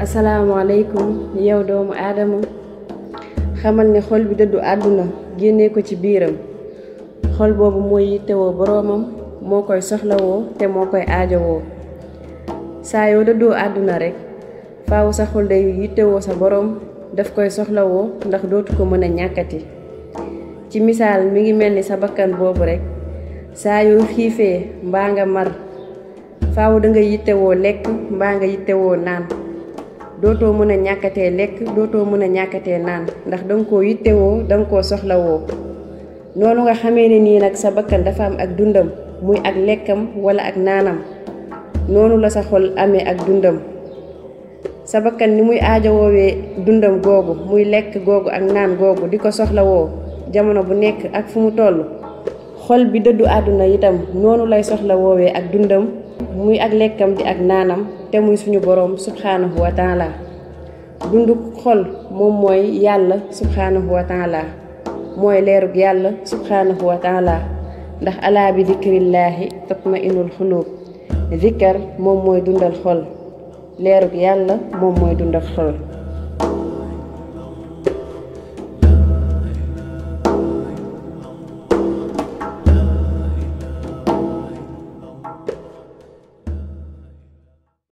asalaamaaleykum yow doomu aadama xamal ne xol bi dëddu àdduna génnee ko ci biiram xol boobu mooy yittewoo boroomam moo koy soxlawoo te moo koy aajowoo saa yoo dëddoo àdduna rekk faaw sa xol day yittewoo sa boroom daf koy soxlawoo ndax dootu ko mën a ñàkkati ci misaal mi ngi mel ni sa bakkan boobu rekk saa yoo xiifee mbaa nga mar faaw da nga yittewoo lekk mbaa nga yittewoo naan dootoo mën a ñàkkate lekk dootoo mën a ñàkkatee naan ndax danga koo yittewoo danga koo soxlawoo noonu nga xamee ne nii nag sa bakkan dafa am ak dundam muy ak lekkam wala ak naanam noonu la sa xol amee ak dundam sa bakkan ni muy aajowoowee dundam googu muy lekk googu ak naan googu di ko soxlawoo jamono bu nekk ak fu mu toll xol bi dëddu àdduna itam noonu lay soxla woowee ak dundam muy ak lekkam di ak naanam te muy suñu borom subhanahu wa taala dundu xol moom mooy yàlla subhanahu wa taala mooy leerug yàlla subhanahu wa taala ndax alaa bi dikrillaahi tatma inul xuluub zikkar moom mooy dundal xol leerug yàlla moom mooy dundal xol